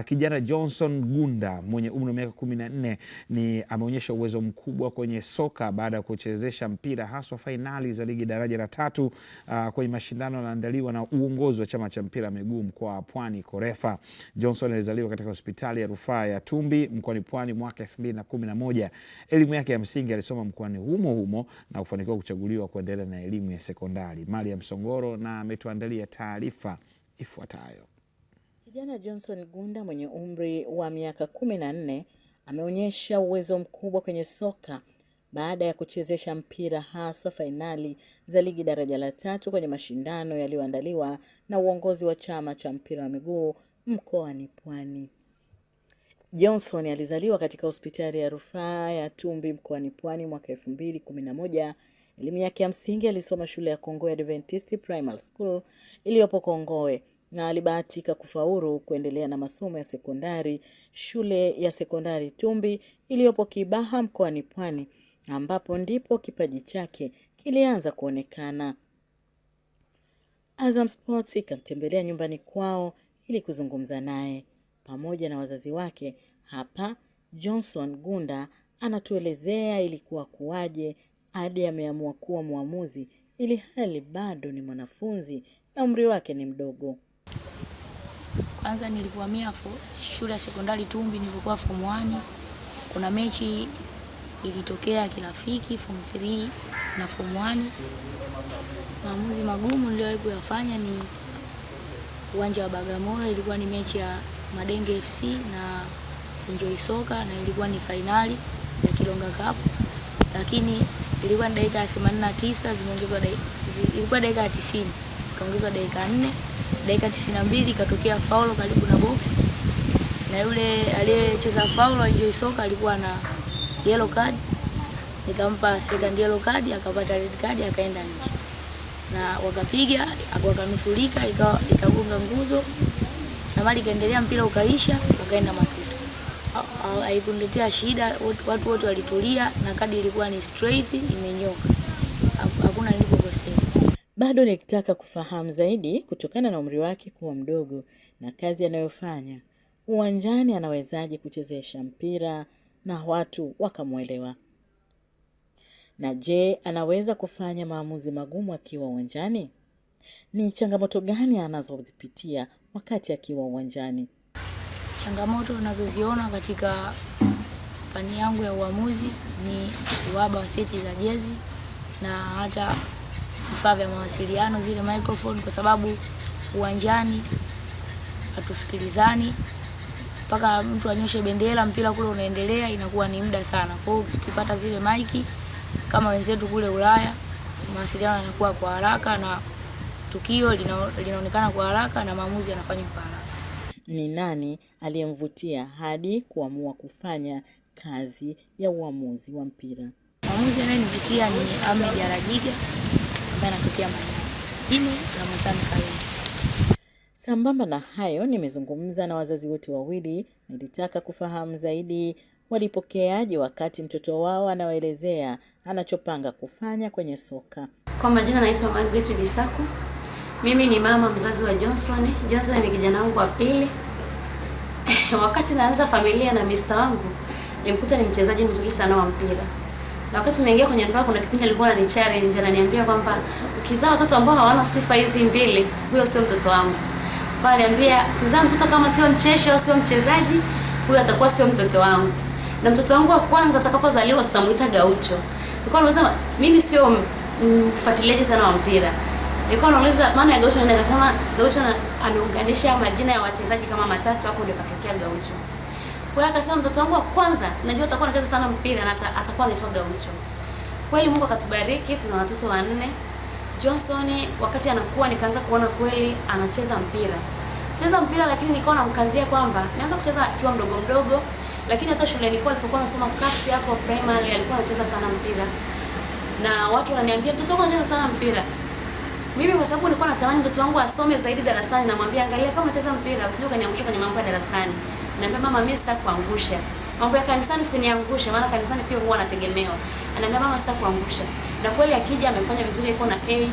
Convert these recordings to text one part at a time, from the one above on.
Ah, kijana Johnson Gunda mwenye umri wa miaka kumi na nne ni ameonyesha uwezo mkubwa kwenye soka baada ya kuchezesha mpira haswa fainali za ligi daraja la tatu uh, kwenye mashindano yanaandaliwa na uongozi wa chama cha mpira miguu mkoa wa Pwani Korefa. Johnson alizaliwa katika hospitali ya rufaa ya Tumbi mkoani Pwani mwaka elfu mbili na kumi na moja. Elimu yake ya msingi alisoma mkoani humo humo na kufanikiwa kuchaguliwa kuendelea na elimu ya sekondari. Mali ya Msongoro na ametuandalia taarifa ifuatayo. Kijana Johnson Gunda mwenye umri wa miaka kumi na nne ameonyesha uwezo mkubwa kwenye soka baada ya kuchezesha mpira hasa fainali za ligi daraja la tatu kwenye mashindano yaliyoandaliwa na uongozi wa chama cha mpira wa miguu mkoani Pwani. Johnson alizaliwa katika hospitali ya rufaa ya Tumbi mkoani Pwani mwaka 2011. Elimu yake ya msingi alisoma shule ya Kongowe Adventist Primary School iliyopo Kongowe na alibahatika kufaulu kuendelea na masomo ya sekondari shule ya sekondari Tumbi iliyopo Kibaha mkoani Pwani, ambapo ndipo kipaji chake kilianza kuonekana. Azam Sports ikamtembelea nyumbani kwao ili kuzungumza naye pamoja na wazazi wake. Hapa Johnson Gunda anatuelezea ilikuwa kuwaje hadi ameamua kuwa mwamuzi ili hali bado ni mwanafunzi na umri wake ni mdogo kwanza nilivyohamia shule ya sekondari Tumbi nilipokuwa form 1 kuna mechi ilitokea kirafiki form 3 na form 1. Maamuzi magumu niliyowahi kuyafanya ni uwanja wa Bagamoyo, ilikuwa ni mechi ya Madenge FC na Enjoy Soka na ilikuwa ni fainali ya Kilonga Cup, lakini ilikuwa ni dakika ya 89 zimeongezwa, dakika, ilikuwa dakika ya 90 zikaongezwa dakika 4 dakika 92 ikatokea faulo karibu na box, na yule aliyecheza faulo Enjoy Soka alikuwa na yellow card, nikampa second yellow card, akapata red card, akaenda nje na wakapiga wakanusulika, ikagonga nguzo na mali ikaendelea, mpira ukaisha, wakaenda matuta. Haikuniletea shida, watu wote walitulia na kadi ilikuwa ni straight, imenyoka, hakuna nilipokosea bado nikitaka kufahamu zaidi kutokana na umri wake kuwa mdogo na kazi anayofanya uwanjani, anawezaje kuchezesha mpira na watu wakamwelewa? Na je, anaweza kufanya maamuzi magumu akiwa uwanjani? Ni changamoto gani anazozipitia wakati akiwa uwanjani? Changamoto anazoziona katika fani yangu ya uamuzi ni uhaba wa seti za jezi na hata vifaa vya mawasiliano, zile microphone, kwa sababu uwanjani hatusikilizani mpaka mtu anyoshe bendera, mpira kule unaendelea, inakuwa ni muda sana. Kwa hiyo tukipata zile maiki kama wenzetu kule Ulaya, mawasiliano yanakuwa kwa haraka na tukio linaonekana kwa haraka na maamuzi yanafanywa kwa haraka. Ni nani aliyemvutia hadi kuamua kufanya kazi ya uamuzi wa mpira? Mwamuzi anayenivutia ni Ahmed Arajiga ambaye anatokea Ini Ramazani Karume. Sambamba na hayo, nimezungumza na wazazi wote wawili, nilitaka kufahamu zaidi walipokeaje wakati mtoto wao anawaelezea anachopanga kufanya kwenye soka. Kwa majina, naitwa Margaret Bisaku. Mimi ni mama mzazi wa Johnson. Johnson ni kijana wangu wa pili. Wakati naanza familia na mista wangu, nimkuta ni mchezaji mzuri sana wa mpira na wakati tumeingia kwenye ndoa, kuna kipindi alikuwa anani challenge, ananiambia kwamba ukizaa watoto ambao hawana sifa hizi mbili, huyo sio mtoto wangu. Kwa ananiambia ukizaa mtoto kama sio mchesha au sio mchezaji, huyo atakuwa sio mtoto wangu. Na mtoto wangu wa kwanza atakapozaliwa tutamuita Gaucho. Nilikuwa nauliza mimi sio mfuatiliaji sana wa mpira. Nilikuwa nauliza maana ya Gaucho, na nikasema Gaucho ameunganisha majina ya wachezaji kama matatu, hapo ndio katokea Gaucho. Kwa hiyo akasema mtoto wangu wa kwanza najua atakuwa anacheza sana mpira na atakuwa anaitwa Gaucho. Kweli Mungu akatubariki, tuna watoto wanne. Johnson wakati anakuwa nikaanza kuona kweli anacheza mpira. Cheza mpira lakini nilikuwa namkazia kwamba nianza kucheza akiwa mdogo mdogo, lakini hata shule nilikuwa nilipokuwa nasoma kasi hapo primary alikuwa anacheza sana mpira. Na watu wananiambia mtoto wangu anacheza sana mpira. Mimi kwa sababu nilikuwa natamani mtoto wangu asome zaidi darasani, namwambia angalia, kama unacheza mpira usije ukaniangusha kwenye mambo ya darasani. Naambia mama, mimi kuangusha. Mambo ya kanisani usiniangushe, maana kanisani pia huwa nategemewa. Anaambia mama, kuangusha. Na kweli akija amefanya vizuri, yuko na A.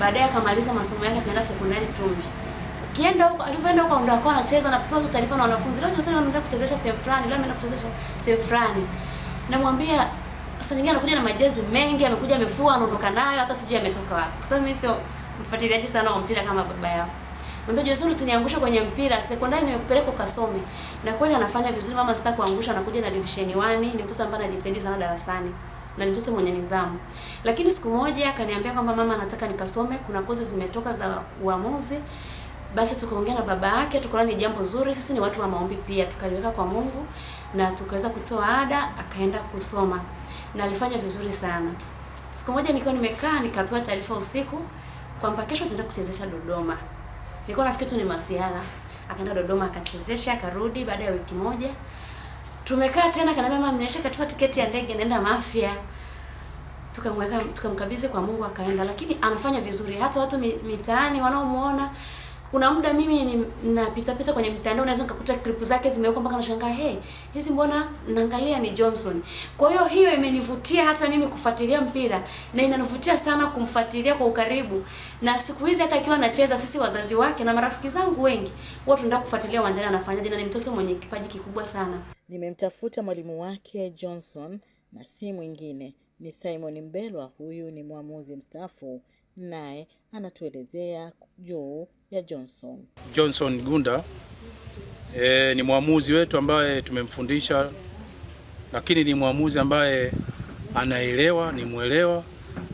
Baadaye akamaliza masomo yake akaenda sekondari Tumbi. Kienda huko, alivyoenda huko ndo akawa anacheza na pewa taarifa na wanafunzi. Leo Joseph anaenda kuchezesha sehemu fulani, leo anaenda kuchezesha sehemu fulani. Namwambia sasa nyingine anakuja na majezi mengi, amekuja amefua, anaondoka nayo hata sijui ametoka wapi. Kwa sababu mimi sio mfuatiliaji sana wa mpira kama baba yao. Mwambie Joyson usiniangusha kwenye mpira, sekondari nimekupeleka ukasome. Na kweli anafanya vizuri, mama sita kuangusha, anakuja na division 1, ni mtoto ambaye anajitahidi sana darasani na ni mtoto mwenye nidhamu. Lakini siku moja akaniambia kwamba mama, anataka nikasome, kuna kozi zimetoka za uamuzi. Basi tukaongea na baba yake, tukaona ni jambo zuri, sisi ni watu wa maombi pia, tukaliweka kwa Mungu na tukaweza kutoa ada, akaenda kusoma na alifanya vizuri sana. Siku moja nikiwa nimekaa nikapewa taarifa usiku kwamba kesho tutaenda kuchezesha Dodoma nilikuwa nafikiri tu ni masiara. Akaenda Dodoma akachezesha, akarudi baada ya wiki moja. Tumekaa tena, akaniambia mama, nimeisha katupa tiketi ya ndege naenda Mafia. Tukamweka tukamkabidhi kwa Mungu akaenda, lakini anafanya vizuri, hata watu mitaani wanaomuona kuna muda mimi napita pita kwenye mitandao naweza nikakuta clip zake zimewekwa mpaka nashangaa, hey, hizi mbona naangalia ni Johnson. Kwa hiyo hiyo imenivutia hata mimi kufuatilia mpira na inanivutia sana kumfuatilia kwa ukaribu, na siku hizi hata akiwa anacheza, sisi wazazi wake na marafiki zangu wengi wote tunataka kufuatilia uwanjani anafanyaje, na ni mtoto mwenye kipaji kikubwa sana. Nimemtafuta mwalimu wake Johnson na si mwingine ni Simon Mbelwa. Huyu ni mwamuzi mstaafu, naye anatuelezea juu ya Johnson. Johnson Gunda e, ni mwamuzi wetu ambaye tumemfundisha, lakini ni mwamuzi ambaye anaelewa, ni mwelewa,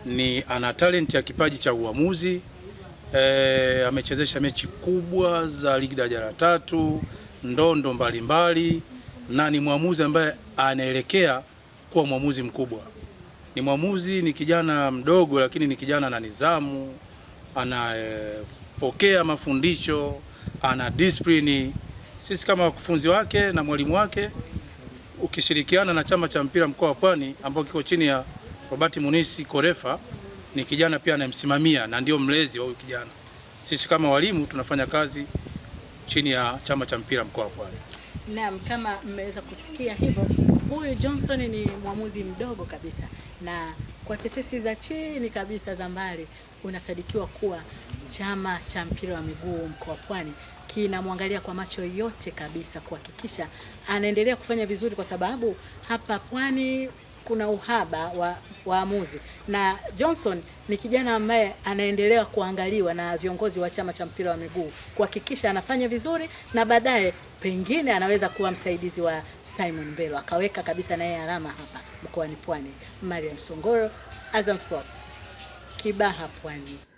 ni ana talenti ya kipaji cha uamuzi e, amechezesha mechi kubwa za ligi daraja la tatu, ndondo mbalimbali mbali, na ni mwamuzi ambaye anaelekea kuwa mwamuzi mkubwa. Ni mwamuzi, ni kijana mdogo, lakini ni kijana ana nidhamu, ana e, anapokea mafundisho, ana disiplini. Sisi kama wakufunzi wake na mwalimu wake ukishirikiana na chama cha mpira mkoa wa Pwani ambao kiko chini ya Robert Munisi Korefa, ni kijana pia anayemsimamia na ndio mlezi wa huyu kijana. Sisi kama walimu tunafanya kazi chini ya chama cha mpira mkoa wa Pwani. Naam, kama mmeweza kusikia hivyo huyu Johnson ni mwamuzi mdogo kabisa, na kwa tetesi za chini kabisa za mbali, unasadikiwa kuwa chama cha mpira wa miguu mkoa Pwani kinamwangalia kwa macho yote kabisa kuhakikisha anaendelea kufanya vizuri, kwa sababu hapa Pwani kuna uhaba wa waamuzi na Johnson ni kijana ambaye anaendelea kuangaliwa na viongozi wa chama cha mpira wa miguu kuhakikisha anafanya vizuri na baadaye pengine anaweza kuwa msaidizi wa Simon Mbelo akaweka kabisa naye alama hapa mkoani Pwani. Mariam Songoro, Azam Sports, Kibaha Pwani.